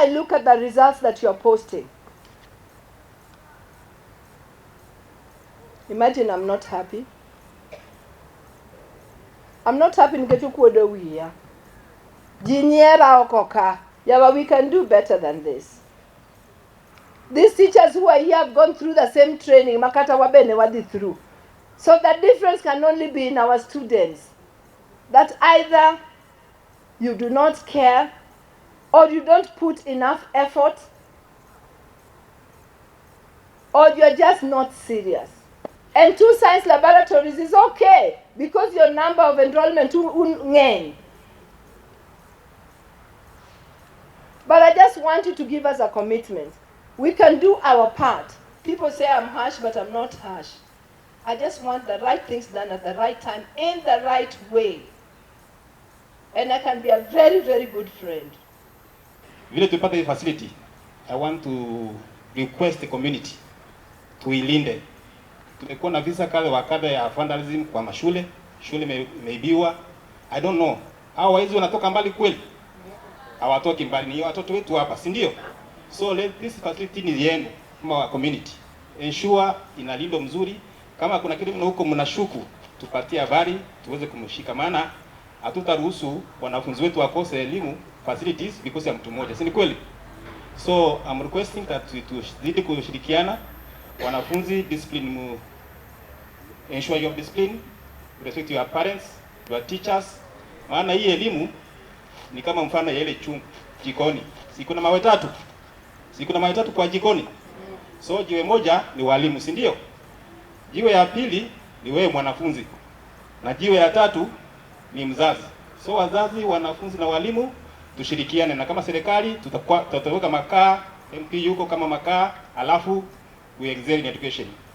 I look at the results that you're posting, imagine I'm not happy. I'm not happy nikech okuodo wiya. Ji nyiera oko ka. Yawa, we can do better than this. These teachers who are here have gone through the same training makata wabene wadi through. So the difference can only be in our students. That either you do not care or you don't put enough effort, or you're just not serious. And two science laboratories is okay because your number of enrollment will But I just want you to give us a commitment. We can do our part. People say I'm harsh, but I'm not harsh. I just want the right things done at the right time in the right way. And I can be a very, very good friend. vile tupata hii facility, I want to request the community tuilinde. Tumekuwa na visa kadha wa kadha ya vandalism kwa mashule, shule imeibiwa. I don't know hao waizi wanatoka mbali kweli? Hawatoki mbali, ni watoto wetu hapa, si ndio? So let this facility ni yenu kama wa community, ensure inalindwa mzuri. Kama kuna kitu huko mnashuku, tupatie habari tuweze kumshika, maana hatutaruhusu wanafunzi wetu wakose elimu facilities vikosi ya mtu mmoja, si ni kweli? So I'm requesting that we tuzidi kushirikiana wanafunzi, discipline mu ensure your discipline, respect your parents, your teachers, maana hii elimu ni kama mfano ya ile chungu jikoni, si kuna mawe tatu, si kuna mawe tatu kwa jikoni. So jiwe moja ni walimu, si ndio? Jiwe ya pili ni wewe mwanafunzi, na jiwe ya tatu ni mzazi. So wazazi, wanafunzi na walimu tushirikiane na kama serikali tutaweka makaa MP yuko kama makaa, alafu we excel in education.